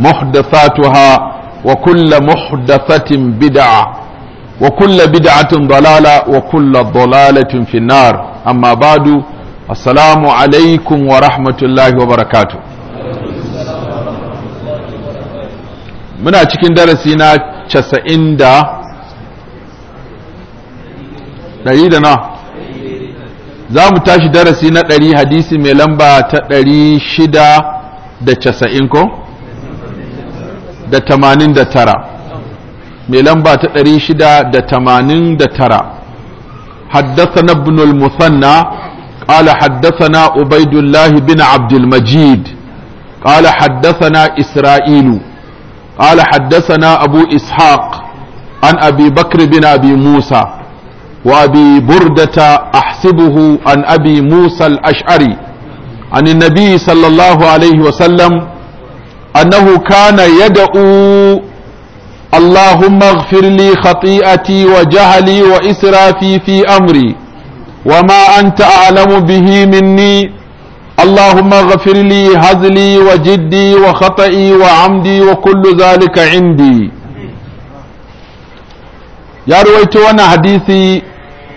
محدثاتها وكل محدثة بدعة وكل بدعة ضلالة وكل ضلالة في النار أما بعد السلام عليكم ورحمة الله وبركاته muna cikin darasi na casa'in da ɗari da na za mu tashi darasi na ɗari hadisi mai lamba ta ɗari shida da casa'in ko? da tamanin da tara mai lamba ta ɗari shida da tamanin da tara حدثنا ابن المثنى قال حدثنا عبيد الله بن عبد المجيد قال حدثنا إسرائيل قال حدثنا أبو إسحاق عن أبي بكر بن أبي موسى وأبي بردة أحسبه عن أبي موسى الأشعري عن النبي صلى الله عليه وسلم أنه كان يدعو اللهم اغفر لي خطيئتي وجهلي وإسرافي في أمري وما أنت أعلم به مني اللهم اغفر لي هزلي وجدي وخطئي وعمدي وكل ذلك عندي يا رويت وانا حديثي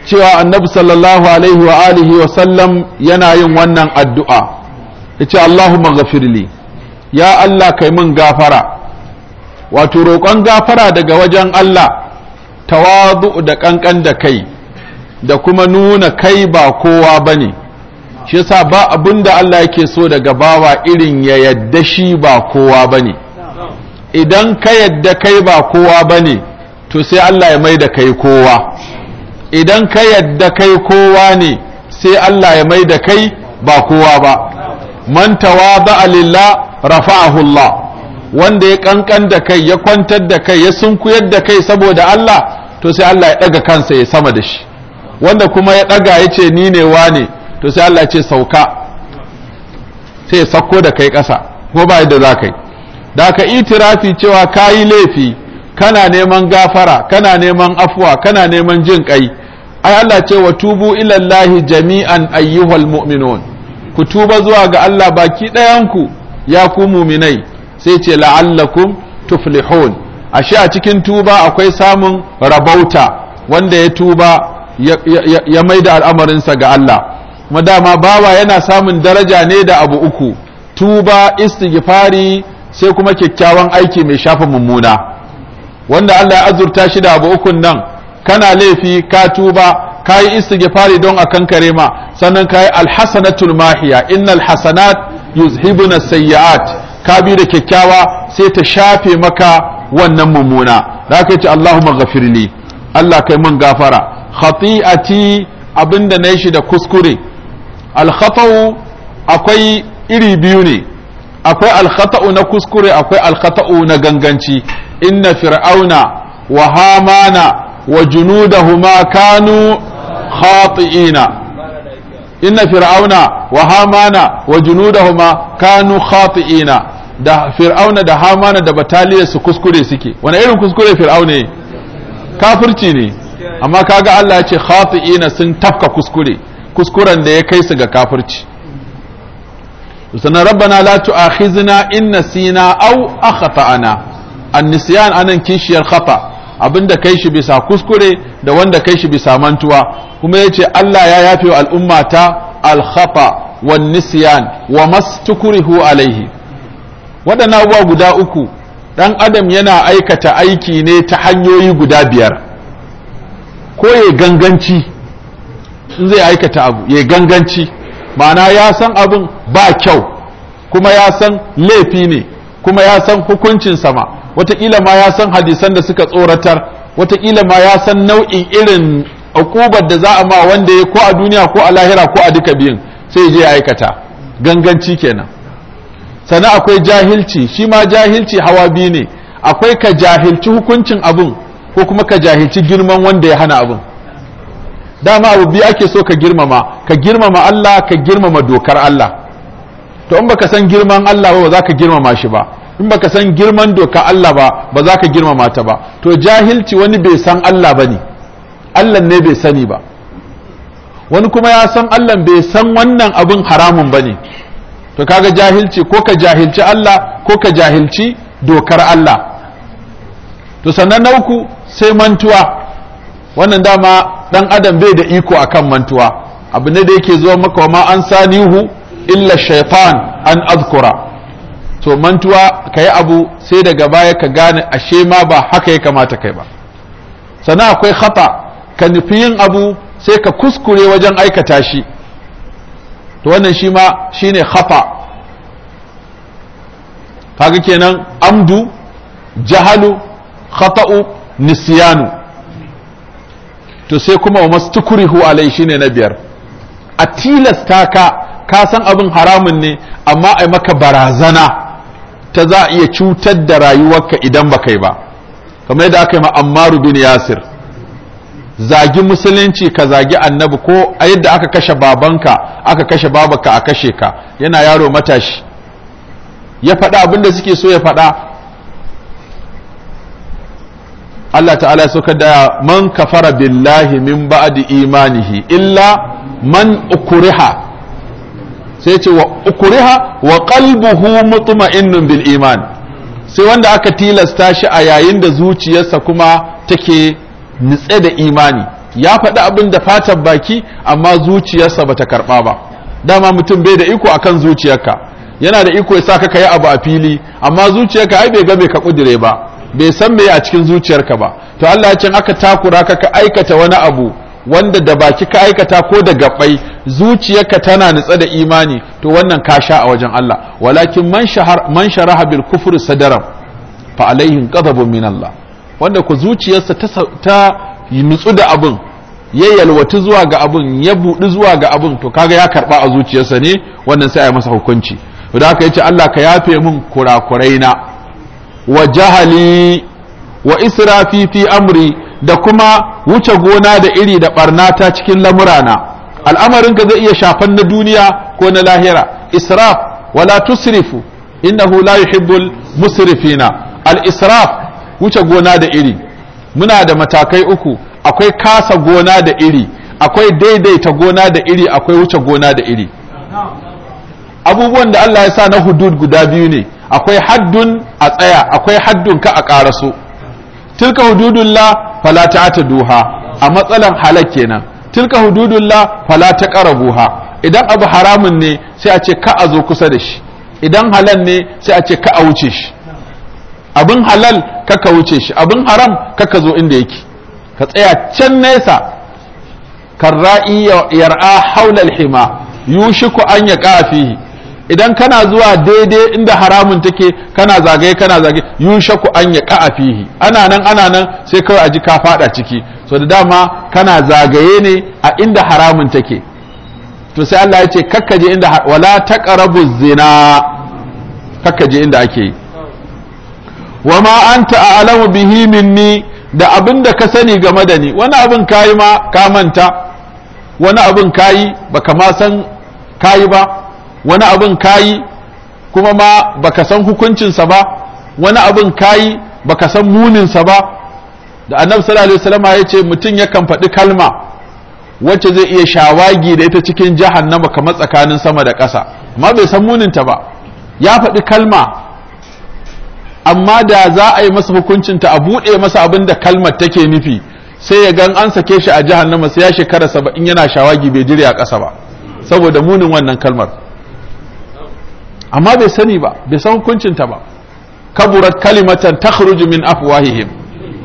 cewa annabi sallallahu alaihi wa alihi wa sallam yana yin wannan addu'a yace Allahumma ghafirli ya Allah kai mun gafara wato roƙon gafara daga wajen Allah tawazu da ƙanƙan da kai da kuma nuna kai ba kowa ba ne shi yasa ba abin da Allah yake so daga bawa irin ya yadda shi ba kowa ba ne idan ka yadda kai ba kowa ba ne to sai Allah ya maida da kai kowa idan ka yadda kai kowa ne sai Allah ya mai da kai ba kowa ba man tawaza lillah rafa'ahu Allah wanda ya kankan da kai ya kwantar da kai ya sunkuyar da kai saboda Allah to sai Allah ya daga kansa ya sama da shi wanda kuma ya daga ya ce ni ne wane to sai Allah ya ce sauka sai ya sako da kai ƙasa ko ba yadda za ka yi da ka itirafi cewa ka yi laifi kana neman gafara kana neman afwa? kana neman jin kai ai Allah ce wa tubu ilallahi jami'an ayyuhal mu'minun ku tuba zuwa ga Allah baki ku ya ku muminai sai ce tuflihon tuflihun ashe a cikin tuba akwai samun rabauta wanda ya tuba ya da al'amarinsa ga Allah madama bawa yana samun daraja ne da abu uku tuba istighfari sai kuma kyakkyawan aiki mai shafa mummuna wanda Allah ya azurta shi da abu ukun nan kana laifi ka tuba ka yi istighfari don a kankare ma sannan kayi yi alhasanatul mahiya innal hasanat yuzhibuna sayyi'at ka biyu da kyakkyawa sai ta shafe maka wannan mummuna da aka ce Allahumma ghafirli Allah kai man gafara khati'ati abinda na shi da kuskure al akwai iri biyu ne akwai al na kuskure akwai al na ganganci inna fir'auna wa hamana wa junudahuma kanu khati'ina inna fir'auna wa hamana wa junudahuma kanu khati'ina da fir'auna da hamana da bataliya su kuskure suke wani irin kuskure fir'auna ne kafirci ne amma kaga Allah ya ce khati'ina sun tafka kuskure kuskuren da ya kai su ga kafirci sannan rabbana la tu'akhizna in nasina aw ana. an nisiyan anan kishiyar khata' abinda kai shi bisa kuskure da wanda kai shi bisa mantuwa kuma yace Allah ya yafe wa al'umma ta al-khata wan nisyan wa mastukrihu alaihi waɗannan abubuwa guda uku dan adam yana aikata aiki ne ta hanyoyi guda biyar ko ya ganganci in zai aikata abu ya ganganci ma'ana ya san abin ba kyau kuma ya san laifi ne kuma ya san hukuncin sama wataƙila ma ya san hadisan da suka tsoratar wataƙila ma ya san nau'in irin akubar da za a ma wanda ya ko a duniya ko a lahira ko a duka biyun sai je ya aikata ganganci kenan sannan akwai jahilci shi ma jahilci hawa biyu ne akwai ka jahilci hukuncin abun ko kuma ka jahilci girman wanda ya hana abun dama abu biyu ake so ka girmama ka girmama Allah ka girmama dokar Allah to in baka san girman Allah ba za ka girmama shi ba in baka san girman doka Allah ba ba za ka girmama ta ba to jahilci wani bai san Allah ba ne Allah ne bai sani ba wani kuma ya san Allah bai san wannan abin haramun ba ne to kaga jahilci ko ka jahilci Allah ko ka jahilci dokar Allah to sannan na uku sai mantuwa wannan dama dan adam bai da iko akan mantuwa abu ne da yake zuwa maka ma an sanihu illa shaitan an azkura to mantuwa ka yi abu sai daga baya ka gane ashe ma ba haka ya kamata kai ba sannan akwai khata ka nufi yin abu sai ka kuskure wajen aikata shi to wannan shi ma shine khata kaga kenan amdu jahalu khata'u nisyanu to sai kuma wa mastukrihu alai shine na biyar a tilasta ka ka san abin haramun ne amma ai maka barazana ta za a iya cutar da rayuwarka idan ba kai ba kamar yadda aka yi ma bin yasir zagi musulunci ka zagi annabi ko a yadda aka kashe babanka aka kashe babanka a kashe ka yana yaro matashi ya faɗa abin da suke so ya faɗa Allah ta'ala ya saukar da man kafara billahi min ba'di imanihi illa man ukuriha. sai ce wa ukuriha wa qalbuhu mutma'innun bil iman sai wanda aka tilasta shi a yayin da zuciyarsa kuma take nitse da imani ya faɗi abin da fatan baki amma zuciyarsa bata karɓa ba dama mutum bai da iko akan zuciyarka yana da iko ya saka ka yi abu a fili amma zuciyarka ai bai ga bai ka kudire ba bai san me a cikin zuciyarka ba to Allah ya ce aka takura ka ka aikata wani abu wanda da baki ka aikata ko da gabai zuciyarka tana nutsa da imani to wannan ka sha a wajen Allah walakin man shahar man sharaha bil kufri sadaram fa alaihim ghadabun min Allah wanda ku zuciyarsa ta ta nutsu da abin ya yalwatu zuwa ga abin ya budi zuwa ga abin to kaga ya karba a zuciyarsa ne wannan sai a yi masa hukunci da haka yace Allah ka yafe min kurakuraina wa jahali wa israfi fi amri da kuma wuce gona da iri da ta cikin lamura lamurana al'amarinka zai iya shafan na duniya ko na lahira israf wala tusrifu innahu la yuhibbul musrifina al israf wuce gona da iri muna da matakai uku akwai kasa gona da iri akwai daidaita gona da iri akwai wuce gona da iri abubuwan da Allah ya sa na hudud guda biyu ne akwai haddun a tsaya akwai haddun ka a ƙaraso tilka la. fala ta duha a matsalan halak kenan tilka hududullah fala ta taqrabuha idan abu haramun ne sai a ce ka a zo kusa da shi idan halal ne sai a ce ka a wuce shi abin halal kaka wuce shi abin haram kaka zo inda yake ka tsaya can nesa kan yar'a haula hima yushiku an ya kafi. idan kana zuwa daidai inda haramun take kana zagaye kana zagaye yushaku an ya ka'a fihi ana nan ana nan sai kawai a ji ka fada ciki so da dama kana zagaye ne a inda haramun take to sai Allah ya ce kakkaje inda wala taqrabu zina kakkaje inda ake yi wa ma anta a'lamu bihi minni da abin da ka sani game da ni wani abin kayi ma ka manta wani abin kayi baka ma san kayi ba wani abin kayi kuma ma baka san hukuncinsa ba wani abin kayi baka san muninsa ba da annabi sallallahu alaihi wasallam ya ce mutum yakan faɗi kalma wacce zai iya shawagi da ita cikin jahannama kamar tsakanin sama da ƙasa amma bai san muninta ba ya faɗi kalma amma da za a yi masa hukuncinta a buɗe masa abin da kalmar take nufi sai ya gan an sake shi a jahannama sai ya shekara saba'in yana shawagi bai jire a ƙasa ba saboda munin wannan kalmar amma bai sani ba bai san hukuncin ta ba kaburat kalimatan takhruju min afwahihim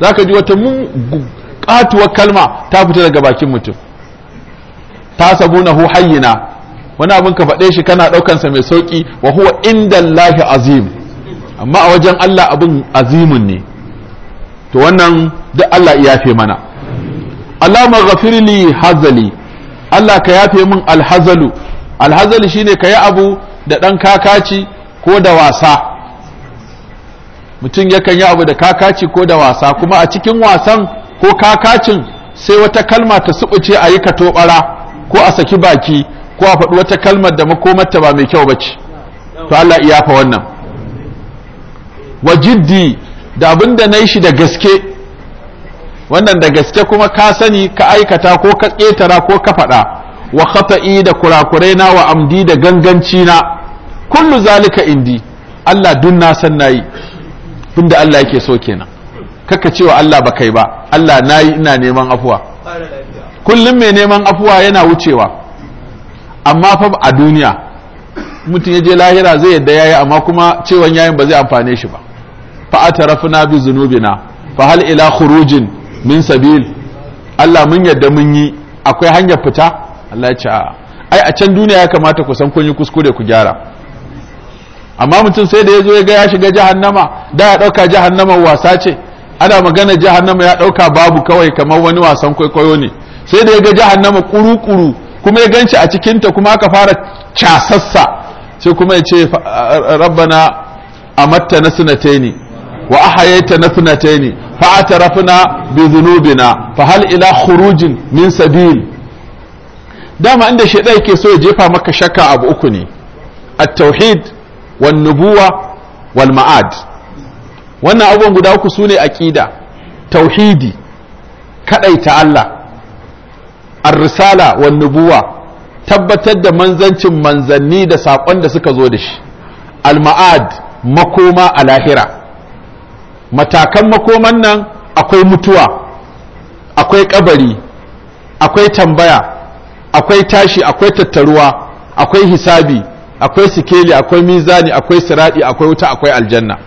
zaka ji wata mun katuwar kalma ta fita daga bakin mutum ta sabuna hu hayyina wani abin ka faɗe shi kana sa mai sauƙi wa huwa inda azim amma a wajen Allah abin azimun ne to wannan duk Allah ya yafe mana Allah li hazali Allah ka yafe mun alhazalu alhazali shine ka abu da ɗan kakaci ko da wasa mutum yakan yi abu da kakaci ko da wasa kuma a cikin wasan ko kakacin sai wata kalma ta suɓuce a yi ka toɓara ko a saki baki ko a faɗi wata kalmar da makomarta ba mai kyau bace to Allah iya fa wannan wa jiddi da abin da na yi shi da gaske wannan da gaske kuma ka sani ka aikata ko ka ƙetara ko ka faɗa wa khata'i da kurakurai na wa amdi da ganganci na kullu zalika indi Allah dun na san nayi tunda Allah yake so kenan kaka cewa Allah ba kai ba Allah nayi ina neman afuwa kullum mai neman afuwa yana wucewa amma fa a duniya mutum ya je lahira zai yadda yayi amma kuma cewan yayin ba zai amfane shi ba fa atarafna bi zunubina fa hal ila khurujin min sabil Allah mun yadda mun yi akwai hanyar fita Allah ya ce a ai a can duniya ya kamata ku san kun yi kuskure ku gyara amma mutum sai da ya ya ga ya shiga jahannama da ya ɗauka jahannama wasa ce ana magana jahannama ya ɗauka babu kawai kamar wani wasan kwaikwayo ne sai da ya ga jahannama kuru-kuru kuma ya ganci a cikin ta kuma aka fara casassa sai kuma ya ce rabbana amatta na sunataini wa ahayaita na sunataini fa atarafna bi dhunubina fa hal ila khurujin min sabil dama inda shaidai ke so ya jefa maka shakka abu uku ne at-tauhid wan nubuwa wal ma'ad wannan abubuwan guda uku sune aqida tauhidi kadaita Allah ar-risala wan nubuwa tabbatar da manzancin manzanni da sakon da suka zo da shi al-ma'ad makoma a lahira matakan makoman nan akwai mutuwa akwai kabari akwai tambaya akwai tashi akwai tattaruwa akwai hisabi akwai sikeli akwai mizani akwai siradi akwai wuta akwai aljanna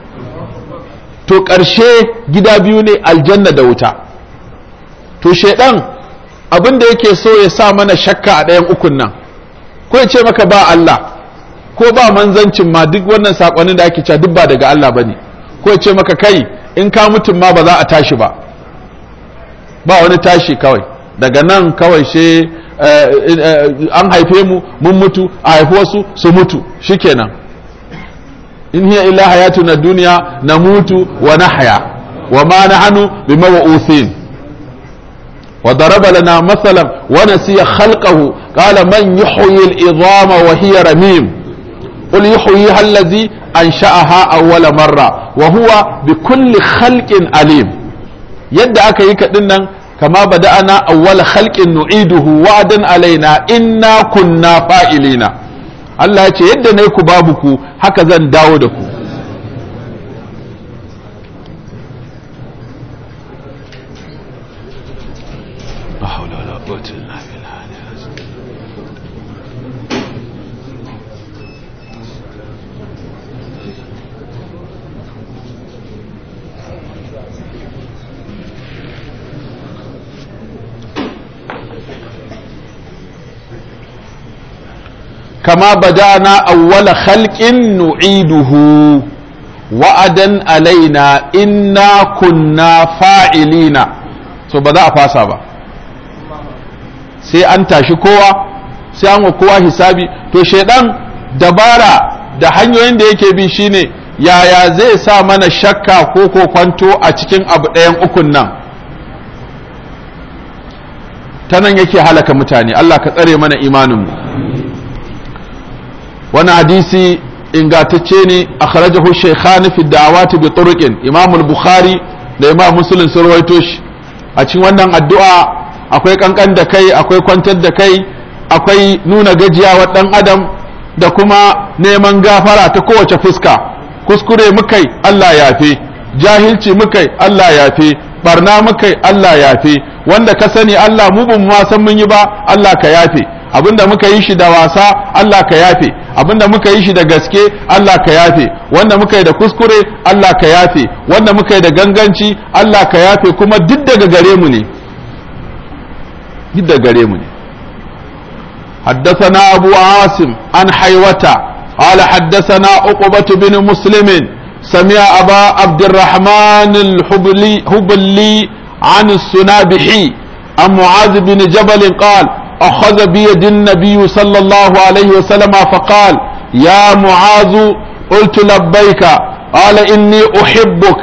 to ƙarshe gida biyu ne aljanna da wuta to shaidan abin da yake so ya sa mana shakka a ɗayan ukun nan ko ya ce maka ba Allah ko ba manzancin ma duk wannan saƙonin da ake cewa duk ba daga Allah bane ko ya ce maka kai in ka mutum ma ba za a tashi ba ba wani tashi kawai daga nan kawai shi Eh, eh, an haife mu mun mutu a haifi wasu su mutu shikenan in hiya illa hayatun duniya na mutu wa nahya wa ma nahnu bi mawusin wa daraba lana masalan wa nasiya khalqahu qala man yuhyi al-idhama wa hiya ramim qul yuhyiha alladhi ansha'aha awwala marra wa huwa bi kulli khalqin alim yadda aka yi kadin nan كما بدأنا أول خلق نعيده وعدا علينا إنا كنا فاعلين الله يتي يد نيكو بابكو هكذا داودكو لا حول ولا قوة إلا بالله kama bada'na awwala khalqin nu'iduhu wa'adan alaina inna kunna fa'ilina so ba za a fasa ba sai an tashi kowa sai an wa kowa hisabi to shaidan dabara da hanyoyin da yake bi shine yaya zai sa mana shakka ko ko kwanto a cikin abu ɗayan ukun nan ta nan yake halaka mutane Allah ka tsare mana imaninmu wani hadisi ingatacce ne a kharajahu shaykhani fi da'awati bi turuqin imam al-bukhari da imam muslim sun rawaito shi a cikin wannan addu'a akwai kankan da kai akwai kwantar da kai akwai nuna gajiyawa dan adam da kuma neman gafara ta kowace fuska kuskure mukai Allah yafe jahilci mukai Allah yafe barna mukai Allah yafe wanda ka sani Allah mu ban ma san mun yi ba Allah ka yafe abinda muka yi shi da wasa Allah ka yafe abinda muka yi shi da gaske Allah ka yafe wanda muka yi da kuskure Allah ka yafe wanda muka yi da ganganci Allah ka yafe kuma duk daga gare mu ne duk daga gare mu ne حدثنا أبو عاصم عن حيوة قال حدثنا عقبة بن مسلم سمع أبا عبد الرحمن الحبلي عن السنابحي عن معاذ بن جبل قال أخذ بيد النبي صلى الله عليه وسلم فقال يا معاذ قلت لبيك قال إني أحبك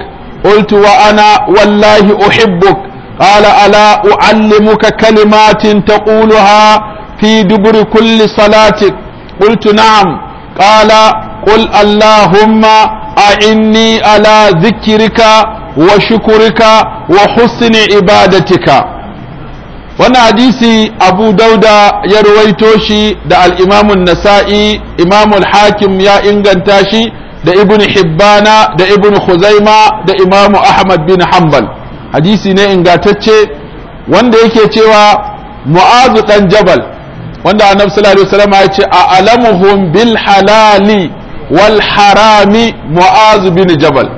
قلت وأنا والله أحبك قال ألا أعلمك كلمات تقولها في دبر كل صلاتك قلت نعم قال قل اللهم أعني على ذكرك وشكرك وحسن عبادتك Wani hadisi abu dauda ya ruwaito shi da al'imamun nasa'i imamul hakim ya inganta shi da ibn hibbana da ibn khuzaima da imamu ahmad bin Hambal hadisi ne ingatacce wanda yake cewa mu'azu dan jabal wanda a sallallahu alaihi ya ce a alamuhun bil halali wal harami mu'azu bin jabal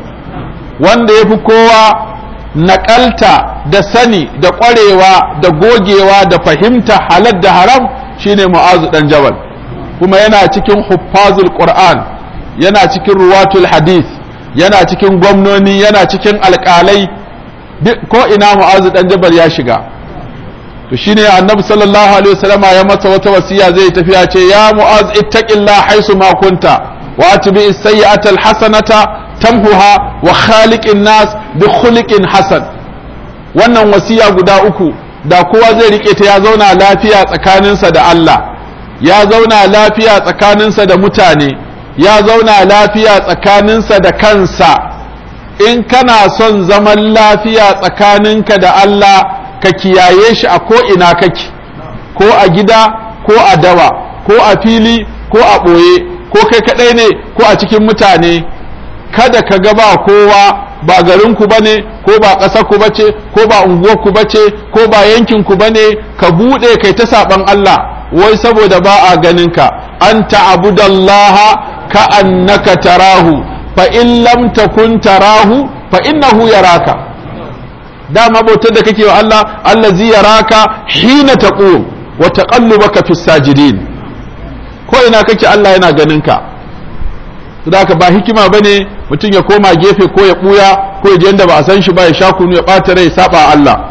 wanda ya fi kowa naƙalta da sani da ƙwarewa da gogewa da fahimta halal da haram shine mu'azu dan jabal kuma yana cikin huffazul qur'an yana cikin ruwatul hadith yana cikin gwamnoni yana cikin alƙalai ko ina mu'azu dan jabal ya shiga to shine annabi sallallahu alaihi wasallama ya masa wata wasiya zai tafiya ce ya mu'az ittaqillah haisu ma kunta wa atbi Tan وخالق الناس nas حسن Hassan. wannan wasiya guda uku da kowa zai rike ta ya zauna lafiya tsakaninsa da Allah ya zauna lafiya tsakaninsa da mutane ya zauna lafiya tsakaninsa da kansa in kana son zaman lafiya tsakaninka da Allah ka kiyaye shi a ko'ina ina kake ko a gida ko a dawa ko a fili ko a ɓoye ko kai kaɗai ne ko a cikin mutane kada ka ga ba kowa ba garinku ba ne ko ba ƙasarku ba ce ko ba unguwarku ba ce ko ba yankinku ba ne ka buɗe kai ta saɓan Allah wai saboda ba a ganinka an ta'abudallaha ka annaka tarahu fa in lam takun tarahu fa innahu yaraka dama bautar da kake wa Allah Allah zai yaraka hina taqum wa taqallubaka fis sajidin ko ina kake Allah yana ganinka saboda ba hikima bane mutum ya koma gefe ko ya buya ko ya je inda ba a san shi ba ya sha kunu ya bata rai saba Allah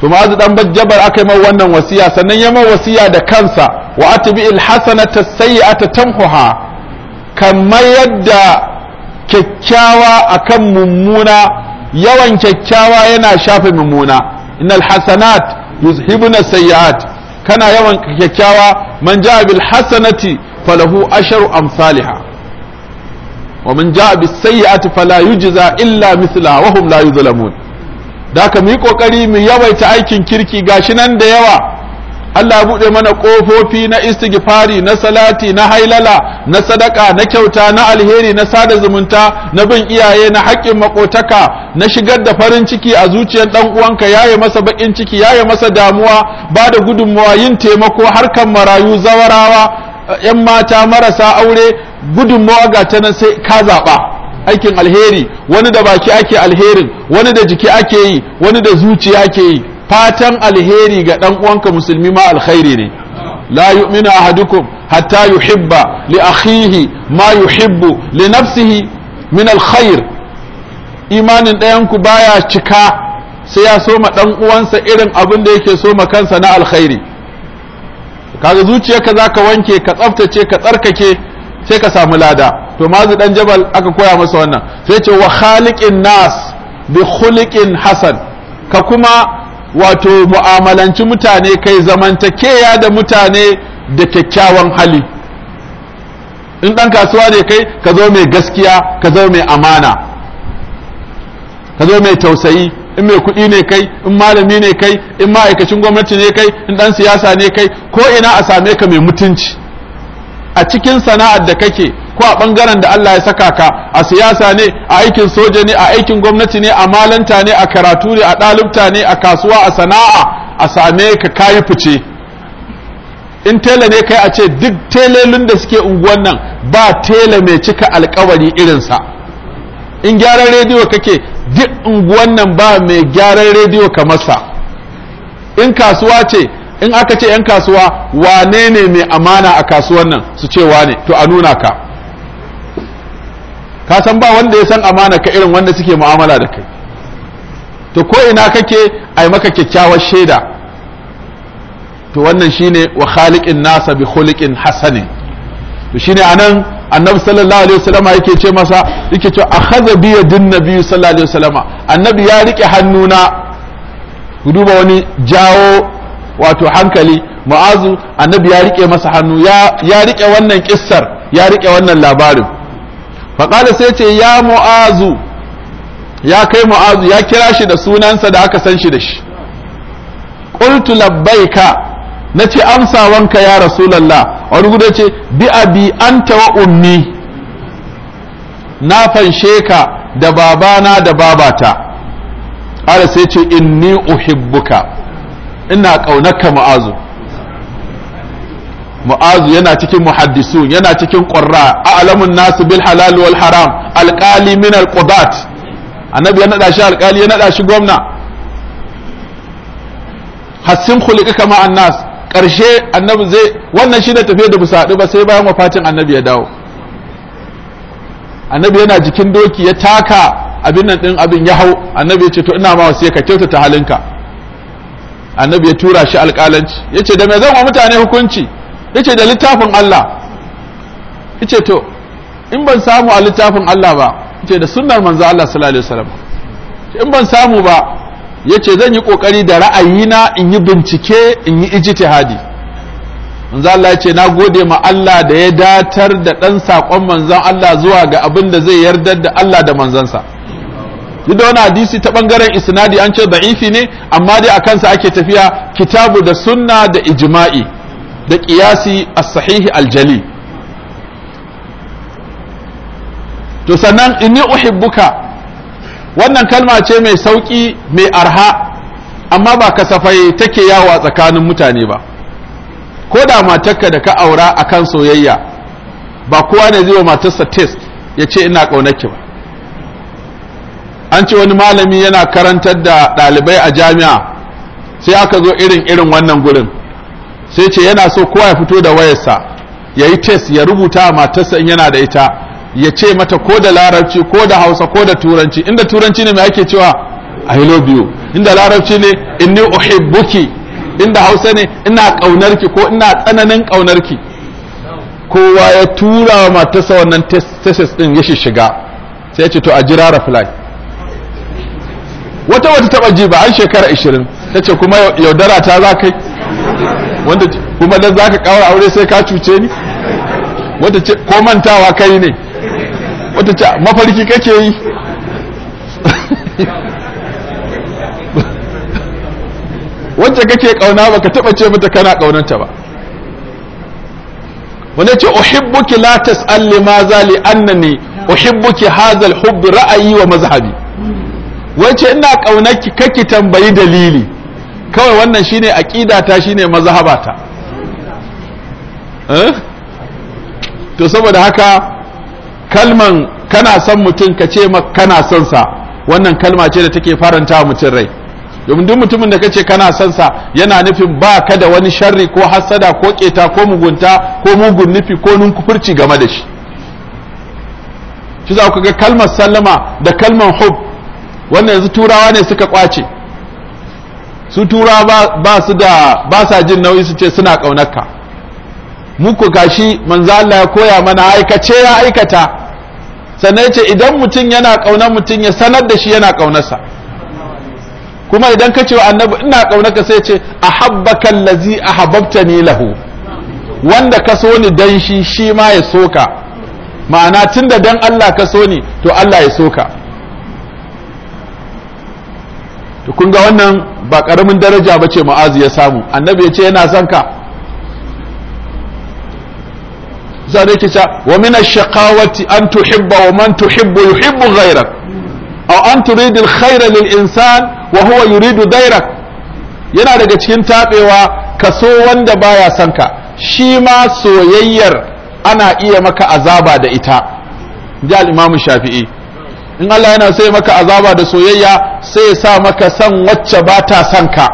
to ma'azu ɗan bajjabar aka yi mai wannan wasiya sannan ya mai wasiya da kansa wa ta hasanata sayyi'ata tamhuha kamar yadda kyakkyawa akan mummuna yawan kyakkyawa yana shafe mummuna innal hasanat yuzhibuna sayyi'at kana yawan kyakkyawa man ja'a bil hasanati falahu asharu amsalha wa man ja'a bis sayyi'ati fala yujza illa mithla wa hum la yuzlamun da ka mu kokari mu yawaita aikin kirki gashi nan da yawa Allah buɗe mana ƙofofi na istighfari na salati na hailala na sadaka na kyauta na alheri na sada zumunta na bin iyaye na haƙƙin makotaka na shigar da farin ciki a zuciyar ɗan uwanka yaye masa baƙin ciki yaye masa damuwa ba da gudunmawa yin taimako harkan marayu zawarawa yan mata marasa aure gudunmawa ga ta nan sai ka zaɓa aikin alheri wani da baki ake alherin wani da jiki ake yi wani da zuciya ake yi fatan alheri ga ɗan uwanka musulmi ma alkhairi ne la yu'minu ahadukum hatta yuhibba li akhihi ma yuhibbu li nafsihi min alkhair imanin ɗayanku baya cika sai ya soma ɗan uwansa irin abin da yake soma kansa na alkhairi kaga zuciyarka zaka wanke ka tsaftace ka tsarkake sai ka samu lada to mazu dan jabal aka koya masa wannan sai ce wa khaliqin nas bi khuliqin hasan ka kuma wato mu'amalanci mutane kai zamantakeya da mutane da kyakkyawan hali in ɗan kasuwa ne kai ka zo mai gaskiya ka zo mai amana ka zo mai tausayi in mai kuɗi ne kai in malami ne kai in ma'aikacin gwamnati ne kai in ɗan siyasa ne kai ko ina a same ka mai mutunci a cikin sana'ar da kake ko a ɓangaren da Allah ya saka ka a siyasa ne a aikin soja ne a aikin gwamnati ne a malanta ne a karatu ne a ɗalibta ne a kasuwa a sana'a a same ka kayi fice in tela ne kai a ce duk telelun da suke unguwan nan ba tela mai cika alkawari irinsa in gyaran rediyo kake duk unguwan nan ba mai gyaran rediyo kamar sa in kasuwa ce in aka ce 'yan kasuwa wane ne mai amana a kasuwan nan su ce wane to a nuna ka ka san ba wanda ya san amana ka irin wanda suke mu'amala da kai to ko ina kake ai maka kyakkyawar shaida to wannan shine wa khaliqin nasa bi khuliqin hasanin to shine anan annabi sallallahu alaihi wasallam yake ce masa yake ce akhadha bi yadin nabi sallallahu alaihi wasallam annabi ya rike hannuna ku duba wani jawo wato hankali mu'azu annabi ya rike masa hannu ya rike wannan kissar ya rike wannan labarin faƙala sai ce ya mu'azu ya kai mu'azu ya kira shi da sunansa da aka san shi da shi qultu labbaika nace amsawanka ya rasulullah wani guda ce bi abi anta wa ummi na fanshe ka da babana da babata ala sai ce inni uhibbuka ina ƙaunarka mu'azu mu'azu yana cikin muhaddisu. yana cikin ƙwarra a'lamun nasu bil halal wal haram alƙali min al annabi ya naɗa shi alƙali ya naɗa shi gwamna hassin khuliqa kama annas karshe annabi zai wannan shi da tafiye da busaɗi ba sai bayan wafatin annabi ya dawo annabi yana jikin doki ya taka abin nan din abin ya hau annabi ya ce to ina ma sai ka kyautata halinka annabi ya tura shi alƙalanci ya ce da me zan wa mutane hukunci ya ce da littafin Allah ya ce to in ban samu a littafin Allah ba ya ce da sunnar manzo Allah sallallahu alaihi wasallam in ban samu ba ya ce zan yi ƙoƙari da ra'ayina in yi bincike in yi ijtihadi manzo Allah ya ce na gode ma Allah da ya datar da dan saƙon manzon Allah zuwa ga abin da zai yardar da Allah da manzansa duk da wani hadisi ta bangaren isnadi an ce da'ifi ne amma dai a kansa ake tafiya kitabu da sunna da ijma'i da qiyasi as-sahihi al-jali to sannan inni uhibbuka wannan kalma ce mai sauki mai arha amma ba kasafai take yawo a tsakanin mutane ba ko da matarka da ka aura akan soyayya ba kowa ne zai wa matarsa test ya ce ina ki ba an ce wani malami yana karantar da ɗalibai a jami'a sai aka zo irin irin wannan gurin sai ce yana so kowa ya fito da wayarsa ya yi test ya rubuta matarsa in yana da ita ya ce mata ko da larabci ko da hausa ko da turanci inda turanci ne mai ake cewa i love you inda larabci ne inni uhibbuki inda hausa ne ina ƙaunarki ko ina tsananin ƙaunarki kowa ya tura wa matarsa wannan test din ya shiga sai ya ce to a jira reply wata wata taba ji ba an shekara 20 tace kuma yaudara ta za kai wanda kuma dan zaka kawar aure sai ka cuce ni wata ce ko mantawa kai ne wata ce mafarki kake yi wacce kake kauna baka taba ce mata kana kaunanta ba wanda ce uhibbuki la tas'al li ma zali annani uhibbuki hadha al-hubb ra'ayi wa mazhabi wace ina ƙaunaki kake tambayi dalili kawai wannan shine aƙida ta shine mazhabata eh? to saboda haka kalman kana son mutum ka ce kana son sa wannan kalma ce da take faranta mutum rai domin duk mutumin da kace kana son sa yana nufin ba ka da wani sharri ko hasada ko keta ko mugunta ko mugun nufi ko nunkufurci game da shi shi za ku ga kalmar sallama da kalmar hub wannan yanzu turawa ne suka kwace su turawa ba su da ba sa jin nauyi su ce suna ƙaunarka muku gashi manzo Allah ya koya mana aikace ya aikata sannan ce idan mutum yana ƙaunar mutum ya sanar da shi yana ƙaunarsa kuma idan ka ce wa annabi ina ƙaunarka sai ce ahabbaka allazi ahabbtani lahu wanda ka so ni dan shi shi ma ya soka ma'ana tunda dan Allah ka so ni to Allah ya soka kun ga wannan ba karamin daraja ba ce mu'azu ya samu annabi ya ce yana son ka sai yake cewa wa min ash-shaqawati an tuhibba wa man tuhibbu yuhibbu ghayrak aw an turidu al-khayra lil-insan wa huwa yuridu dayrak yana daga cikin tabewa kaso wanda baya son ka shi ma soyayyar ana iya maka azaba da ita ji al shafi'i in Allah yana sai maka azaba da soyayya sai ya sa maka san wacce ba ta san ka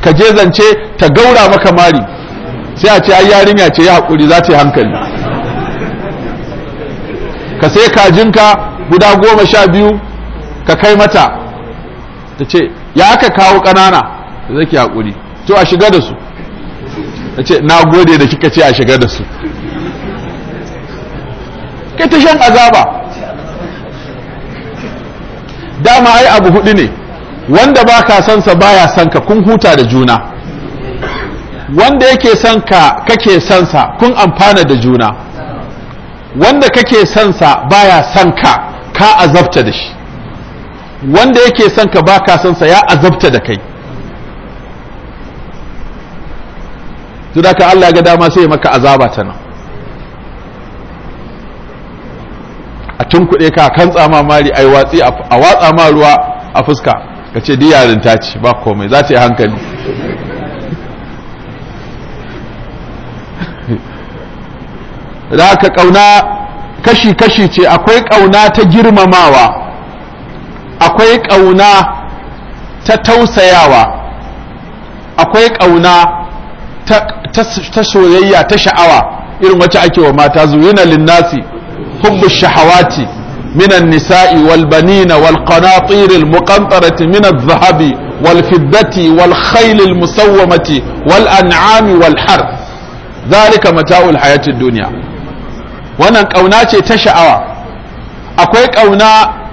ka je zance ta gaura maka mari sai a ce ai yarinya ce ya hakuri za ta yi hankali ka sai kajinka guda goma sha biyu ka kai mata ta ce ya aka kawo ƙanana da zaki hakuri to a shiga da su ta ce na gode da kika ce a shiga da su kai ta shan azaba dama ai abu hudu ne wanda ba ka san sa baya san ka kun huta da juna wanda yake san ka kake sansa sa kun amfana da juna wanda kake san sa baya san ka ka azabta da shi wanda yake san ka ba ka san sa ya azabta da kai to da ka Allah ga dama sai maka azaba ta nan tun kuɗe ka kan tsama mari ai watsi a watsa ma ruwa a fuska ka ce di yarinta ce ba komai za ta yi hankali da aka ƙauna kashi-kashi ce akwai ƙauna ta girmamawa akwai ƙauna ta tausayawa akwai ƙauna ta soyayya ta sha'awa irin wacce ake wa mata zuyina linnasi حب الشهوات من النساء والبنين والقناطير المقنطرة من الذهب والفدة والخيل المسومة والأنعام والحرث ذلك متاع الحياة الدنيا wannan ƙauna ce ta sha'awa akwai ƙauna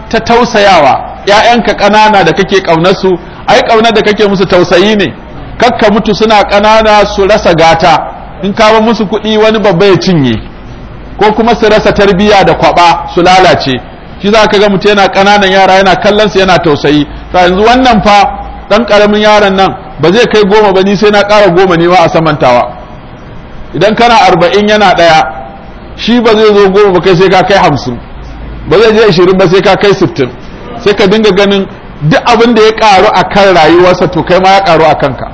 ta tausayawa ‘ya'yanka ƙanana da kake ƙaunarsu ai ƙauna da kake musu tausayi ne kakka mutu suna ƙanana su rasa gata in kawo musu kuɗi wani babba ya cinye ko kuma su rasa tarbiya da kwaba su lalace shi za ka ga mutum yana ƙananan yara yana kallon su yana tausayi ta yanzu wannan fa ɗan ƙaramin yaron nan ba zai kai goma ba ni sai na ƙara goma ne a samantawa idan kana arba'in yana ɗaya shi ba zai zo goma ba kai sai ka kai hamsin ba zai je ashirin ba sai ka kai sittin sai ka dinga ganin duk abin da ya ƙaru a kan rayuwarsa to kai ma ya ƙaru a kanka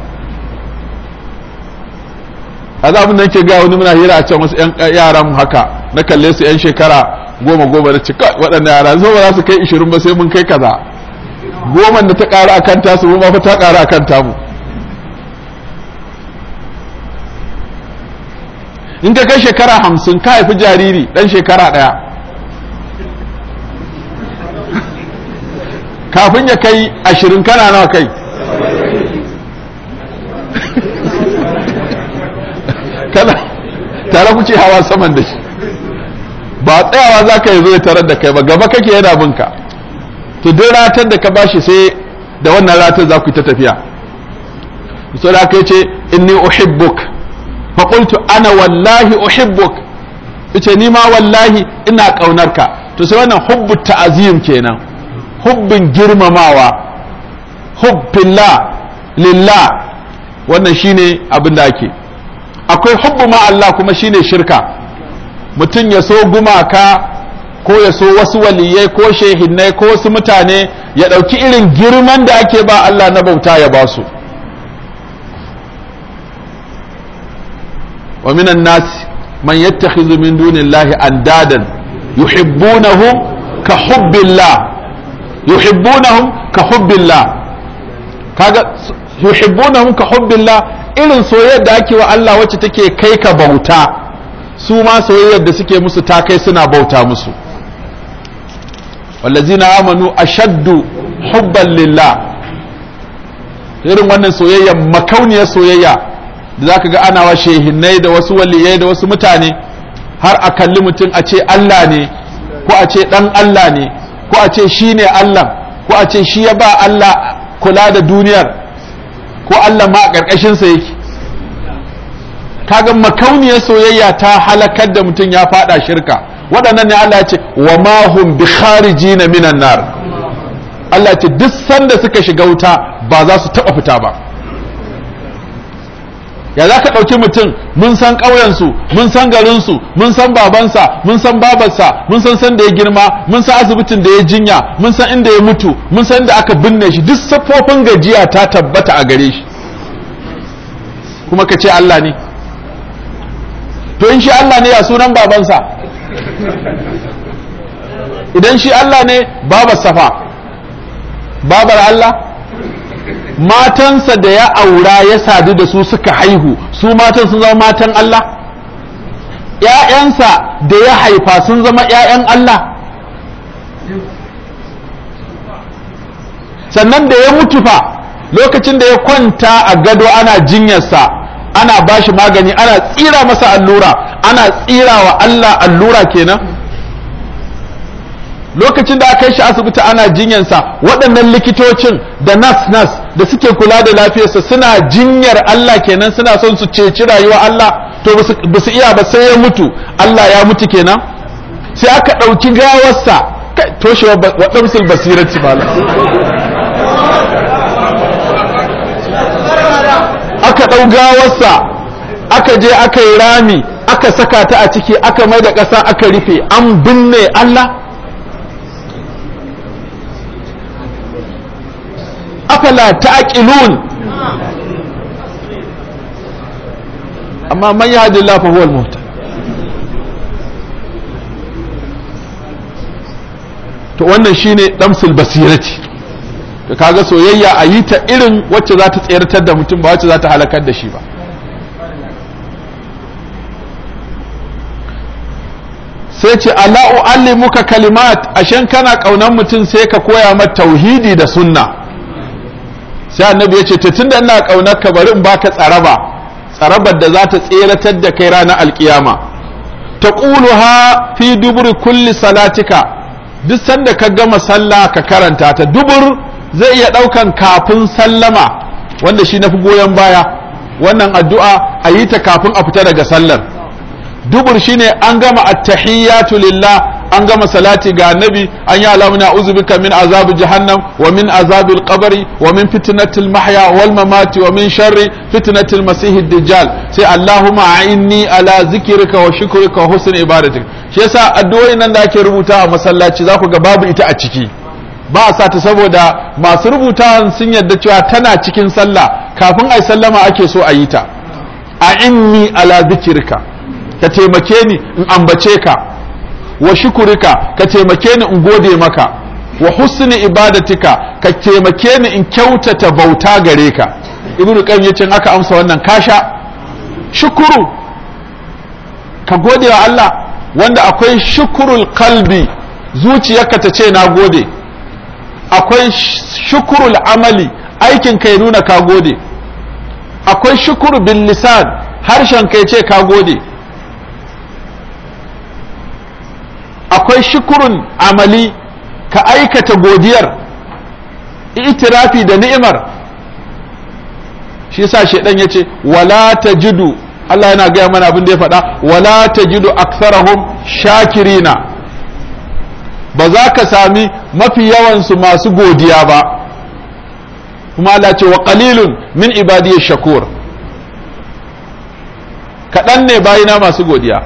a za abin da yake wani muna hira a can wasu yan yaran mu haka na kalle su 'yan shekara goma goma da cika waɗanda yara zo ba za su kai ishirin ba sai mun kai kaza Goma da ta ƙara a kan tasu ba fa ta ƙara a kan tamu in ka kai shekara hamsin ka haifi jariri ɗan shekara ɗaya kafin ya kai ashirin kana nawa kai kana tare kuce hawa saman da shi ba tsayawa za ka yi zo ya tarar da kai ba gaba kake yana binka to duk ratar da ka bashi sai da wannan ratar za ku yi ta tafiya so da yi ce inni uhibbuk fa qultu ana wallahi uhibbuk ce ni ma wallahi ina ƙaunarka to sai wannan hubbu ta'azim kenan hubbin girmamawa hubbillah lilla. wannan shine abin da ake akwai hubbu ma Allah kuma shine shirka mutum ya so gumaka ko ya so wasu waliyai ko shehinnai ko wasu mutane ya ɗauki irin girman da ake ba Allah na bauta ya ba su wa minan nasi man yattakhidhu min dunillahi andadan yuhibbunahum ka hubbillah yuhibbunahum ka hubbillah kaga yuhibbunahum ka hubbillah irin soyayya da ake wa Allah wacce take kai ka bauta su ma soyayyar da suke musu ta kai suna bauta musu na amanu shaddu hubban lilla. irin wannan soyayya makauniyar soyayya da za ka ga ana wa shehinnai da wasu waliyai da wasu mutane har a kalli mutum a ce Allah ne ko a ce dan Allah ne ko a ce shi ne Allah ko a ce shi ya ba Allah kula da duniyar ko Allah ma a ƙarƙashinsa yake kaga makauniyar soyayya ta halakar da mutum ya fada shirka waɗannan ne Allah ce wa ma hum bi na minan nar Allah ce duk sanda suka shiga wuta ba za su taba fita ba ya za ka ɗauki mutum mun san ƙauyensu mun san garinsu mun san babansa mun san babarsa mun san sanda ya girma mun san asibitin da ya jinya mun san inda ya mutu mun san inda aka binne shi duk siffofin gajiya ta tabbata a gare shi kuma ka ce Allah ne to in shi Allah ne ya sunan babansa idan shi Allah ne babar safa babar Allah matansa da ya aura ya sadu da su suka haihu su matan sun zama matan Allah ‘ya'yansa da ya haifa sun zama ‘ya'yan Allah sannan da ya mutu fa lokacin da ya kwanta a gado ana jinyarsa ana bashi magani ana tsira masa allura ana tsira wa Allah allura kenan lokacin da aka kai shi asibiti ana jinyansa waɗannan likitocin da nas nas da suke kula da lafiyarsa suna jinyar Allah kenan suna son su ceci rayuwa Allah to ba su iya ba sai ya mutu Allah ya mutu kenan sai aka ɗauki gawarsa toshe wa ci ba aka ɗau gawarsa aka je aka yi rami aka saka ta a ciki aka mai da ƙasa aka rufe an binne Allah afala ta'qilun amma man yahdillahu fa al muhtad to wannan shine damsul basirati Ka kaga soyayya a yi ta irin wacce za ta tsayartar da mutum ba wacce za ta halakar da shi ba sai ce ala'u muka kalimat ashen kana ƙaunar mutum sai ka koya mata tauhidi da sunna sai annabi ya ce ta tunda ina ƙaunar ka bari in baka tsaraba tsarabar da za ta tseratar da kai ranar alkiyama ta ha fi dubur kulli salatika duk sanda ka gama sallah ka karanta ta dubur zai iya ɗaukan kafin sallama wanda shi na fi goyon baya wannan addu'a a yi ta kafin a fita daga sallar dubur ne an gama attahiyyatu lillah an gama salati ga annabi an yi alamu na uzubika min azabu jahannam wa min azabil qabri wa min fitnatil mahya wal mamati wa min sharri fitnatil masihi dajjal sai allahumma a'inni ala zikrika wa shukrika wa husni ibadatik shi yasa addu'o'in nan da ake rubuta a masallaci za ku ga babu ita a ciki ba a sa ta saboda masu rubuta sun yarda cewa tana cikin sallah kafin a yi sallama ake so a yi ta a inni ala zikirka ka taimake ni in ambace ka wa shukurika ka taimake ni in gode maka wa husni ibadatika ka taimake ni in kyautata bauta gare ka ibnu qayyim yace aka amsa wannan kasha shukuru ka gode wa Allah wanda akwai shukurul qalbi zuciyarka ta ce na gode akwai shukurul amali aikin kai nuna ka gode akwai shukuru bin lisan harshen kai ce ka gode akwai shukurun amali ka aikata godiyar itirafi da ni'imar shi sa yasa ya ce wala ta jidu Allah yana gaya mana abin da ya faɗa wala ta jidu aksarahun shakirina ba za ka sami mafi yawansu masu godiya ba kuma Allah ce wa qalilun min ibadiyash shakur kaɗan ne bayina masu godiya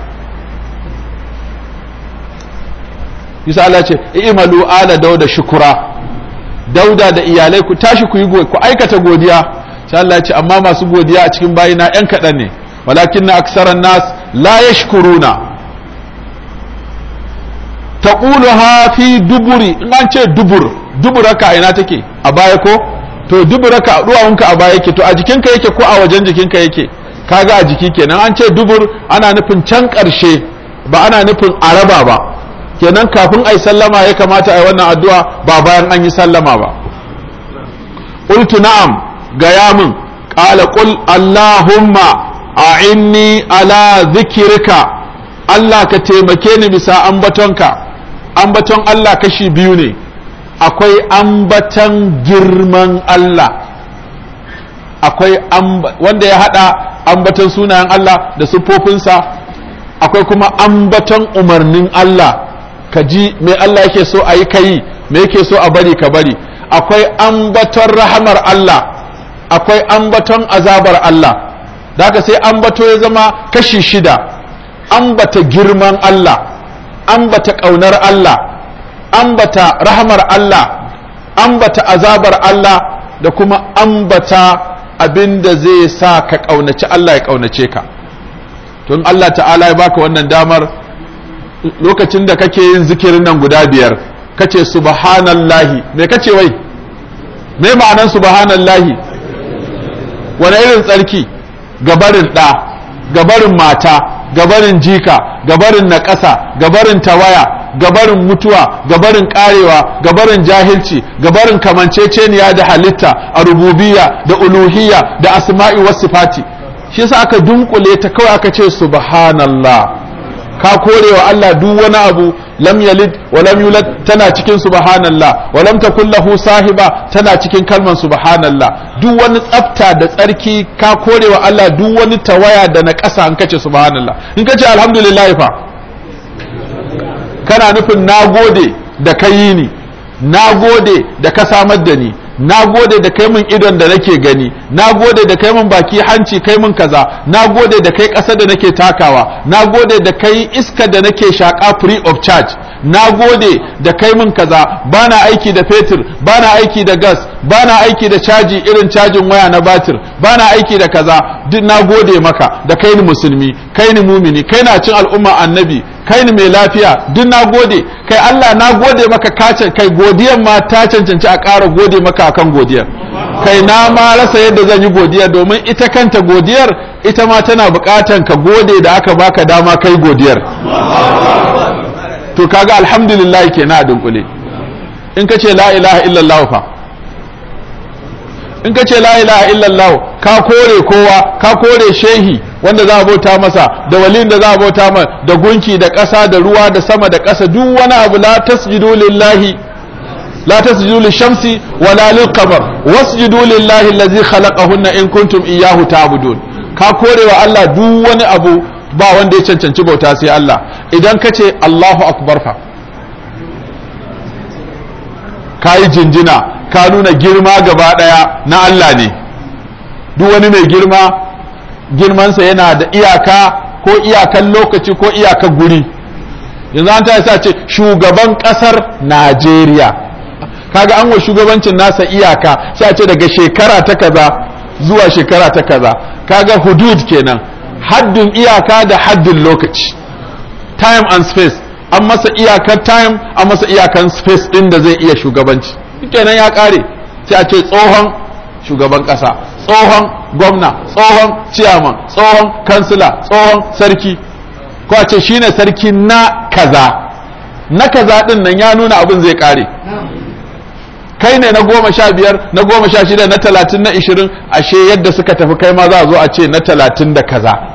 Yusa Allah ce i'malu ala dauda shukura dauda da iyalai ku tashi ku yi ku aikata godiya sai Allah ce amma masu godiya a cikin bayina yan kaɗan ne walakin na aksaran nas la yashkuruna ha fi duburi in an ce dubur duburaka ina take a baya ko to duburaka a duwawunka a baya yake to a jikinka yake ko a wajen jikinka yake kaga a jiki kenan an ce dubur ana nufin can ƙarshe ba ana nufin araba ba kenan kafin ai sallama ya kamata ai wannan addu'a ba bayan an yi sallama ba qultu na'am gaya min qala qul allahumma a'inni ala zikrika Allah ka taimake ni bisa ambatonka ambaton Allah kashi biyu ne akwai ambatan girman Allah akwai wanda ya haɗa ambaton sunayen Allah da siffofinsa akwai kuma ambaton umarnin Allah ka ji me Allah yake so a yi ka yi me yake so a bari ka bari akwai ambaton rahamar Allah akwai ambaton azabar Allah da haka sai ambato ya zama kashi shida ambata girman Allah ambata ƙaunar Allah ambata rahmar Allah ambata azabar Allah da kuma ambata abin da zai sa ka ƙaunaci Allah ya ƙaunace ka tun Allah ta'ala ya baka wannan damar lokacin da kake yin zikirin nan guda biyar kace subhanallahi me kace wai me ma'anan subhanallahi wani irin tsarki gabarin ɗa gabarin mata gabarin jika gabarin naƙasa gabarin tawaya gabarin mutuwa gabarin ƙarewa gabarin jahilci gabarin kamanceceniya da halitta a rububiyya da uluhiyya da asma'i wasu fati shi sa aka dunkule ta kawai aka ce subhanallah ka kore wa Allah duk wani abu lam yalid wa lam yulad tana cikin subhanallah wa lam takul lahu sahiba tana cikin kalman subhanallah duk wani tsafta da tsarki ka kore wa Allah duk wani tawaya da na ƙasa an kace subhanallah in kace alhamdulillah fa kana nufin nagode da ka yi ni nagode da ka samar da ni na gode da kai min idon da nake gani na gode da kai min baki hanci kai min kaza na gode da kai ƙasa da nake takawa na gode da kai iska da nake shaƙa free of charge na gode da kai min kaza bana aiki da fetur bana aiki da gas bana aiki da caji irin cajin waya na batir bana aiki da kaza duk na gode maka da kai ni musulmi kai ni mumini kai na cin al'umma annabi kai ni mai lafiya duk na gode kai Allah na gode maka kacin kai godiyan ma ta cancanci a ƙara gode maka akan godiyar kai na ma rasa yadda zan yi godiya domin ita kanta godiyar ita ma tana buƙatan ka gode da aka baka dama kai godiyar to kaga alhamdulillah kenan a dunkule in ka ce la ilaha illallah fa in ka ce la ilaha illallah ka kore kowa ka kore shehi wanda za a bauta masa da walin da za a bauta masa da gunki da ƙasa da ruwa da sama da ƙasa duk wani abu la tasjudu lillahi la tasjudu lishamsi wala lilqamar wasjudu lillahi allazi khalaqahunna in kuntum iyyahu ta'budun ka kore wa Allah duk wani abu ba wanda ya cancanci bauta sai Allah idan ka ce Allahu akbar fa ka yi jinjina ka nuna girma gaba ɗaya na Allah ne duk wani mai girma girmansa yana da iyaka ko iyakan lokaci ko iyaka guri yanzu an ta sa ce shugaban ƙasar Najeriya kaga an wa shugabancin nasa iyaka sai daga shekara ta kaza zuwa shekara ta kaza kaga hudud kenan haddin iyaka da haddin lokaci time and space an masa iyakar time an masa iyakar space din da zai iya shugabanci kenan ya kare sai a ce tsohon shugaban kasa tsohon gwamna tsohon ciyaman tsohon kansila tsohon sarki ko a ce shine sarki na kaza na kaza din nan ya nuna abin zai kare kai ne na goma sha biyar na goma sha shida na talatin na ishirin ashe yadda suka tafi kai ma za a zo a ce na talatin da kaza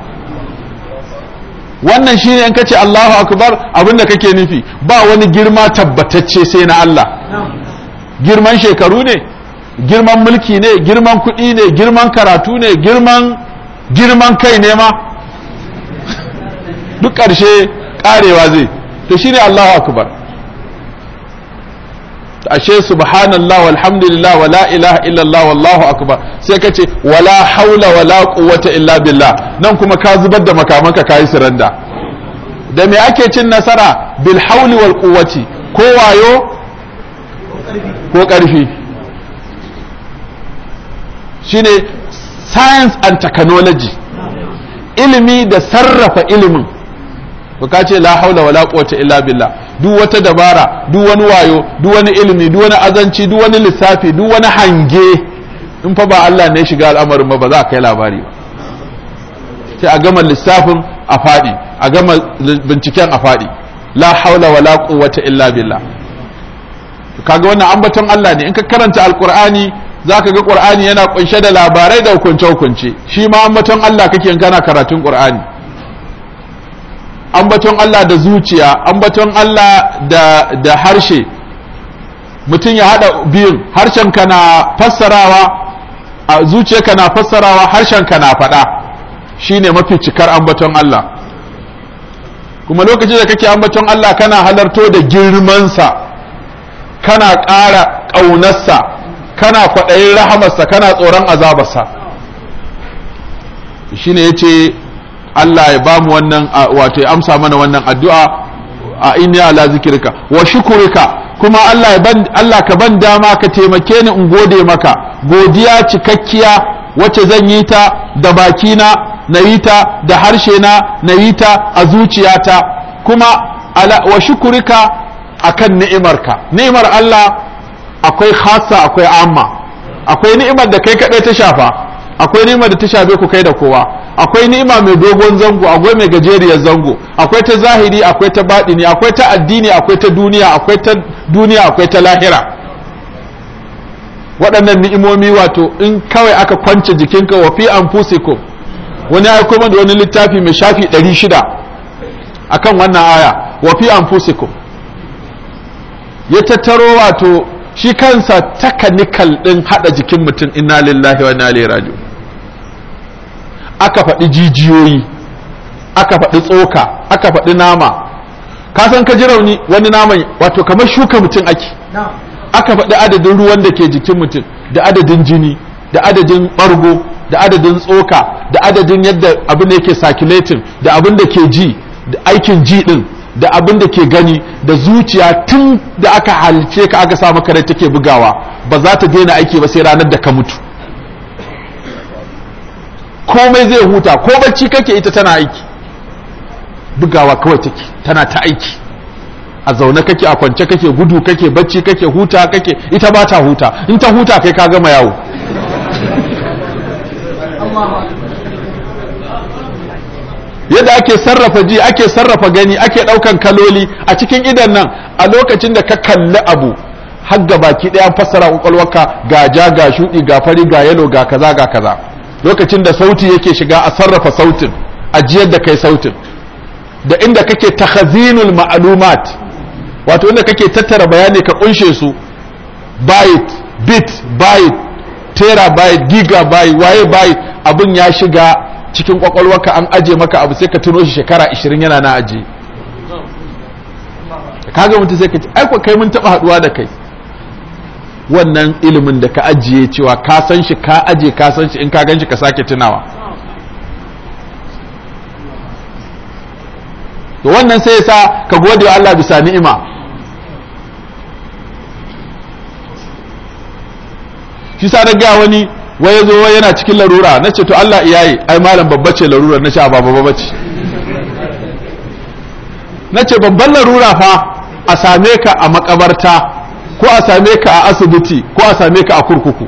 wannan shine in ka ce Allahu akbar abinda kake nufi ba wani girma tabbatacce sai na Allah girman shekaru ne girman mulki ne girman kuɗi ne girman karatu ne girman girman kai ne ma duk ƙarshe ƙarewa zai to shine Allahu akbar ashe subhanallah walhamdulillah wala ilaha illallah wallahu akbar sai kace ce wala haula wala quwwata illa billah nan kuma ka zubar da makamanka kayi suranda da me ake cin nasara bil hauli wal quwwati ko wayo ko karfi shine science and technology ilimi da sarrafa ilimin ba ka ce la haula wala quwwata illa billah duk wata dabara duk wani wayo duk wani ilimi duk wani azanci duk wani lissafi duk wani hange in fa ba Allah ne shiga al'amarin ba ba za ka kai labari ba sai a gama lissafin a faɗi a gama binciken a faɗi la haula wala quwwata illa billah kaga wannan ambaton Allah ne in ka karanta alqur'ani zaka ga qur'ani yana kunshe da labarai da hukunce hukunce shi ma ambaton Allah kake in kana karatun qur'ani ambaton Allah da zuciya ambaton Allah da da harshe mutum ya hada biyun harshen ka na fassarawa a zuciyarka na fassarawa harshen na faɗa shine mafi cikar ambaton Allah kuma lokacin da kake ambaton Allah kana halarto da girmansa kana ƙara ƙaunarsa kana kwaɗayin rahamarsa kana tsoron azabarsa shine yace Allah ya bamu wannan wato ya amsa mana wannan addu'a a inni ala zikirka wa shukurika kuma Allah ya ban Allah ka ban dama ka taimake ni in gode maka godiya cikakkiya wacce zan yi ta da bakina na yi ta da harshe na na yi ta a zuciyata kuma ala wa shukurika akan ni'imarka ni'imar Allah akwai khassa akwai amma akwai ni'imar da kai kadai ta shafa akwai ni'ima da ta shafe ku kai da kowa akwai ni'ima mai dogon zango akwai mai gajeriyar zango akwai ta zahiri akwai ta baɗini akwai ta addini akwai ta duniya akwai ta duniya akwai ta lahira waɗannan ni'imomi wato in kawai aka kwance jikinka wa fi fusiko wani ya kuma da wani littafi mai shafi 600 akan wannan aya wa fi fusiko ya tattaro wato shi kansa takanikal ɗin haɗa jikin mutum inna lillahi wa inna ilaihi raji'un aka faɗi jijiyoyi aka faɗi tsoka aka faɗi nama ka san ka ji rauni wani nama wato kamar shuka mutum ake aka faɗi adadin ruwan da ke jikin mutum da adadin jini da adadin ɓargo da adadin tsoka da adadin yadda abin da yake circulating da abin da ke ji da aikin ji ɗin da abin da ke gani da zuciya tun da aka halice ka aka sa maka rai take bugawa ba za ta daina aiki ba sai ranar da ka mutu komai zai huta ko bacci kake ita tana aiki bugawa kawai take tana ta aiki a zaune kake a kwance kake gudu kake bacci kake huta kake ita ba ta huta in ta huta kai ka gama yawo yadda ake sarrafa ji ake sarrafa gani ake ɗaukan kaloli a cikin idan nan a lokacin da ka kalli abu har ga baki ɗaya fassara kwakwalwarka ga ja ga shuɗi ga fari ga yalo ga kaza ga kaza lokacin da sauti yake shiga a sarrafa sautin ajiyar da kai sautin da inda kake takhazinul ma'lumat wato inda kake tattara bayani ka kunshe su byte bit byte terabyte gigabyte waye byte abun ya shiga cikin kwakwalwarka an aje maka abu sai ka tuno shi shekara 20 yana na aje kaga mutum sai ka ce ai kai mun taba haduwa da kai wannan ilimin da ka ajiye cewa ka san shi ka ajiye ka san shi in ka gan shi ka sake tunawa to wannan sai yasa ka gode wa Allah bisa ni'ima shi sa ga wani wai zo yana cikin larura nace to Allah iyaye ai malam babba ce larura na a babba babba ce na babban larura fa a same ka a makabarta ko a same ka a asibiti ko a same ka a kurkuku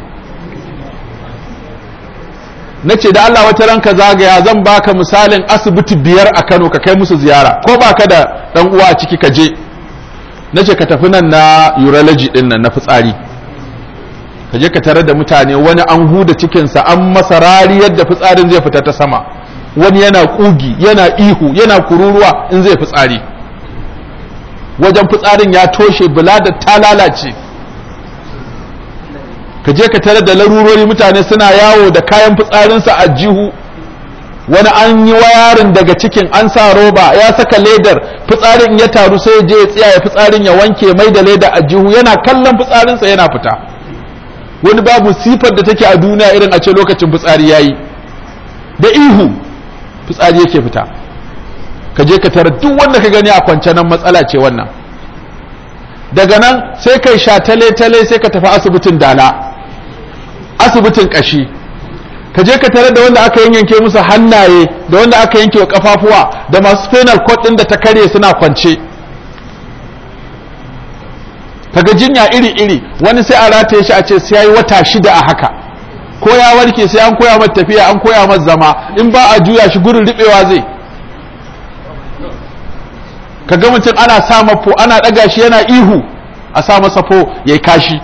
Nace da Allah wata ranka zagaya zan baka misalin asibiti biyar a Kano ka kai musu ziyara ko baka da dan uwa a ciki ka je na ka tafi nan na urology din nan na fitsari ka je ka tare da mutane wani an huda cikinsa an masa rari yadda fitsarin zai fita ta sama wani yana kugi yana ihu yana kururuwa in zai fitsari wajen fitsarin ya toshe bulada ta lalace ka je ka tare da larurori mutane suna yawo da kayan fitsarinsa a jihu wani an yi wayarin daga cikin an sa roba ya saka ledar fitsarin ya taru sai je ya tsaya ya fitsarin ya wanke mai da leda a jihu yana kallon fitsarinsa yana fita wani babu sifar da take a duniya irin a ce lokacin fitsari ya yi da ihu fitsari yake fita ka je ka tara duk wanda ka gani a kwance nan matsala ce wannan daga nan sai kai sha tale tale sai ka tafi asibitin dala asibitin kashi ka je ka tare da wanda aka yanke musu hannaye da wanda aka yanke wa kafafuwa da masu spinal cord din da ta karye suna kwance Ka ga jinya iri-iri wani sai a ya shi a ce sai yayi wata shida a haka ko ya warke sai an koya masa tafiya an koya masa zama in ba a juya shi gurin ribewa zai ka ga mutum ana sa mafo ana ɗaga shi yana ihu a sa masa fo ya yi kashi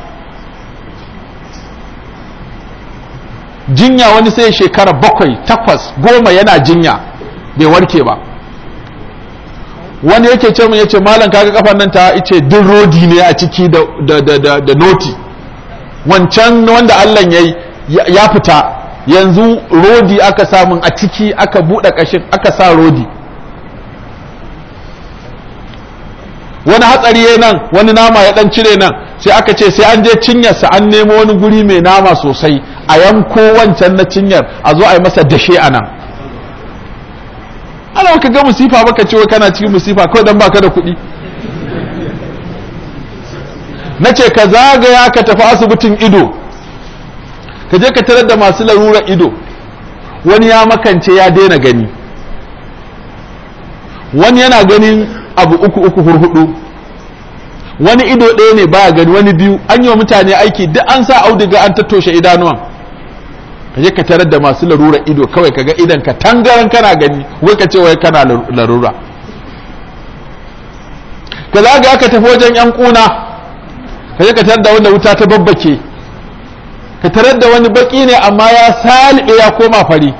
jinya wani sai shekara bakwai takwas goma yana jinya bai warke ba wani yake ce mun yace malam kaga kafan nan ta ice din rodi ne a ciki da da da da noti wancan wanda Allah yayi ya fita yanzu rodi aka samun a ciki aka buɗe ƙashin aka sa rodi wani hatsari ya nan wani nama ya dan cire nan sai aka ce sai an je cinyar sa an nemo wani guri mai nama sosai a yanko wancan na cinyar a zo a yi masa dashe a nan ana ka ga musifa baka ce wai kana cikin musifa kawai dan baka da kuɗi na ce ka zagaya ka tafi asibitin ido ka je ka tarar da masu larura ido wani ya makance ya daina gani wani yana ganin abu uku uku hurhudu wani ido ɗaya ne baya gani wani biyu an yi wa mutane aiki duk an sa auduga an tattoshe idanuwan ka je ka tarar da masu larura ido kawai ka ga idan ka tangaran kana gani wai ka ce wai kana larura ka ga aka tafi wajen yan kuna ka je ka tarar da wanda wuta ta babbake ka tarar da wani baki ne amma ya salibe ya koma fari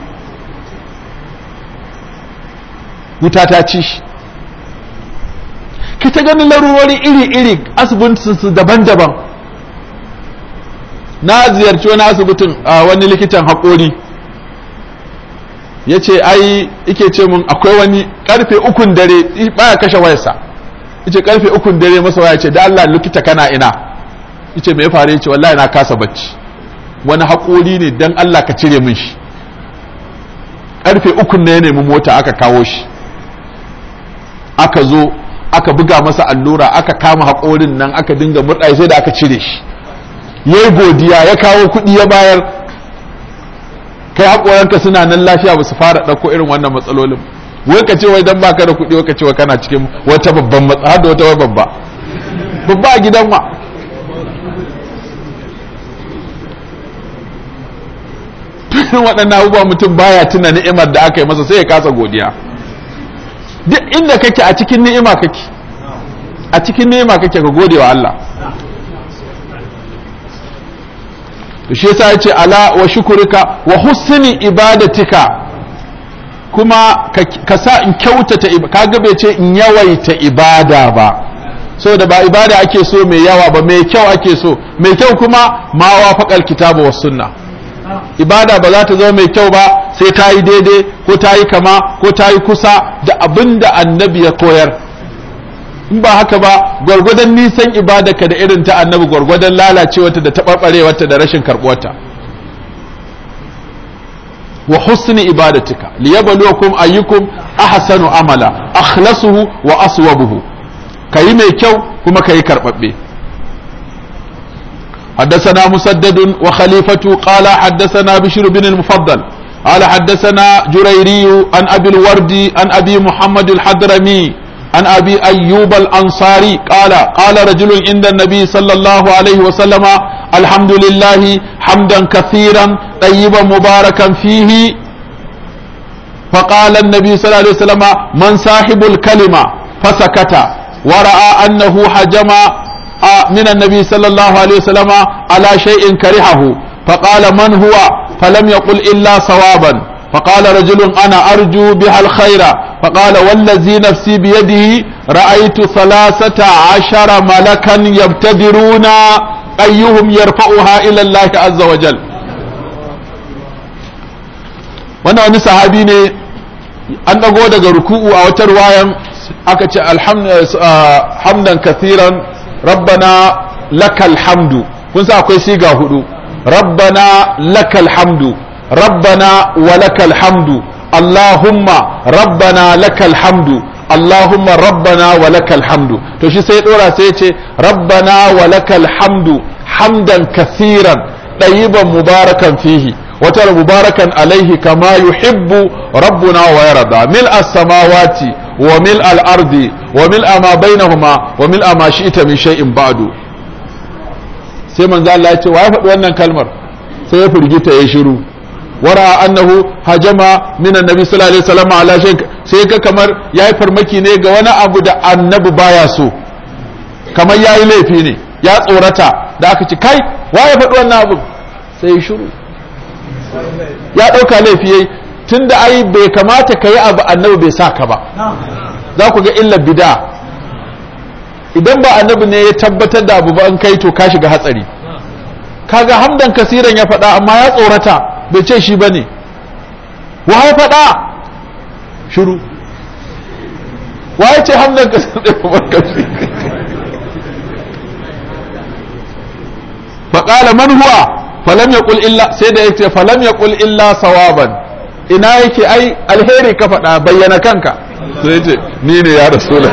wuta ta ci shi ki ta ganin larurori iri-iri asibitinsu daban-daban na ziyarci wani asibitin a wani likitan haƙori ya ce ai ike ce mun akwai wani karfe ukun dare baya kashe wayarsa ice karfe ukun dare masa waya ce da Allah likita kana ina ice me ya faru wallahi na kasa bacci wani hakori ne dan Allah ka cire min shi karfe ukun na ya nemi mota aka kawo shi aka zo aka buga masa allura aka kama haƙorin nan aka dinga murɗa sai da aka cire shi ya yi godiya ya kawo kuɗi ya bayar kai haƙoranka suna nan lafiya ba su fara ɗauko irin wannan matsalolin wai ka ce wai dan baka da kuɗi wai ka ce wai kana cikin wata babban matsala da wata wai babba babba a gidan ma irin waɗannan abubuwa mutum baya tuna ni'imar da aka yi masa sai ya kasa godiya duk inda kake a cikin ni'ima kake a cikin ni'ima kake ka gode wa Allah to shi yasa yace ala wa shukurika wa husni ibadatika kuma ka sa in kyautata ka bai ce in yawaita ibada ba saboda ba ibada ake so mai yawa ba mai kyau ake so mai kyau kuma ma wafaqal kitabu was sunna ibada ba za ta zama mai kyau ba sai ta yi daidai ko ta yi kama ko ta yi kusa da abin da annabi ya koyar in ba haka ba gwargwadon nisan ka da irin ta annabi gwargwadon lalacewarta da taɓarɓarewarta da rashin karɓuwarta wa husni ibadatika liyabluwakum ayyukum ahsanu amala akhlasuhu wa aswabuhu kayi mai kyau kuma kayi karɓaɓɓe حدثنا مسدد وخليفة قال حدثنا بشر بن المفضل قال حدثنا جريري عن أبي الوردي عن أبي محمد الحضرمي عن أبي أيوب الأنصاري قال قال رجل عند النبي صلى الله عليه وسلم الحمد لله حمدا كثيرا طيبا مباركا فيه فقال النبي صلى الله عليه وسلم من صاحب الكلمة فسكت ورأى أنه حجم من النبي صلى الله عليه وسلم على شيء كرهه فقال من هو فلم يقل إلا صوابا فقال رجل أنا أرجو بها الخير فقال والذي نفسي بيده رأيت ثلاثة عشر ملكا يبتدرون أيهم يرفعها إلى الله عز وجل وانا wani sahabi ne an dago daga ruku'u a wata ruwayan aka ce hamdan kathiran rabbana lakal hamdu kun sa akwai siga hudu rabbana lakal hamdu rabbana wa lakal hamdu allahumma rabbana lakal hamdu allahumma rabbana wa lakal hamdu to shi sai dora sai ce rabbana wa lakal hamdu hamdan kasiran ɗayiban mubarakan fihi wata mubarakan alaihi kama yuhibbu rabbuna wa yarda mil as-samawati ومل mil ومل ما بينهما ومل ما شئت من شيء بعد سي من shay'in ba'du sai manzo Allah wa ya faɗi wannan kalmar sai ya firgita ya shiru wara annahu hajama min annabi sallallahu alaihi wasallam ala shay sai ka kamar yayi farmaki ne ga wani abu da annabi baya so kamar yayi laifi ne ya tsorata da aka ci kai wa ya faɗi wannan abu sai ya shiru ya ɗauka laifi yayi tunda ai bai kamata ka yi abu annabi bai sa ka ba za ku ga illar bida idan ba annabi ne ya tabbatar da abu ba an kai to ka shiga hatsari kaga hamdan kasiran ya faɗa amma ya tsorata bai ce shi ba ne wa ya faɗa shiru wa ya ce hamdan kasiran faƙala man huwa falam ya illa sai da ya ce falam ya illa sawaban ina yake ai alheri ka faɗa bayyana kanka sai ce ni ne ya rasula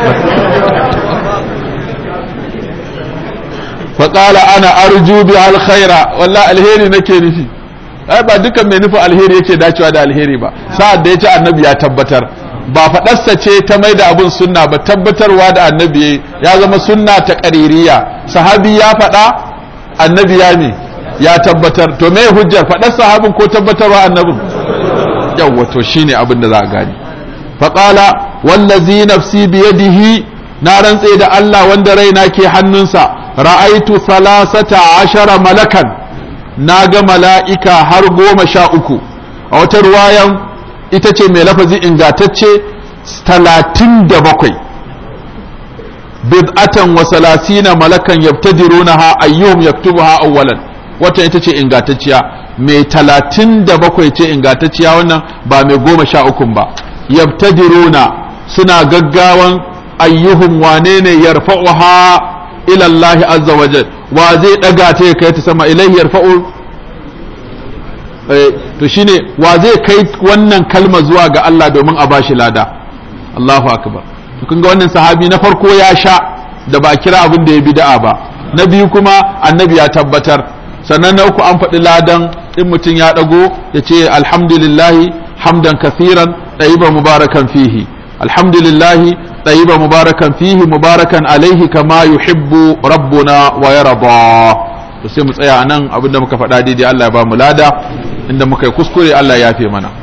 faƙala ana arju bi alkhaira wallah alheri nake nufi ai ba dukan mai nufi alheri yake dacewa da alheri ba sa'ad da ya ci annabi ya tabbatar ba faɗarsa ce ta mai da abun sunna ba tabbatarwa da annabi ya zama sunna ta ƙaririya sahabi ya faɗa annabi ya ne ya tabbatar to me hujjar faɗar sahabin ko tabbatarwa annabin yawwa to shine abin da za a gani faqala wallazi nafsi biyadihi na rantse da Allah wanda raina ke hannunsa ra'aitu salasata ashara malakan na ga mala'ika har goma sha uku a wata ruwayan ita ce mai lafazi ingatacce talatin da bakwai bid'atan wa salasina malakan yabtadirunaha ayyuhum yaktubuha awwalan wata ita ce ingantacciya mai talatin da bakwai ce ingantacciya wannan ba mai goma sha uku ba yabtadiruna suna gaggawan ayyuhun wane ne yarfa'uha ila Allah azza wa wa zai daga ta ya kai ta sama ilaihi yarfa'u eh, to shine wa zai kai wannan kalma zuwa ga Allah domin a bashi lada Allahu akbar kun ga wannan sahabi na farko ya sha da ba kira abin da ya bi da'a ba na biyu kuma annabi ya tabbatar sannan na uku an faɗi ladan in mutum ya ɗago ya ce alhamdulillahi hamdan kasiran ɗayiba mubarakan fihi alhamdulillahi ɗayiba mubarakan fihi mubarakan alaihi kama yuhibbu rabbuna wa yarda to sai mu tsaya anan abinda muka faɗa daidai Allah ya ba mu lada inda muka yi kuskure Allah ya yafe mana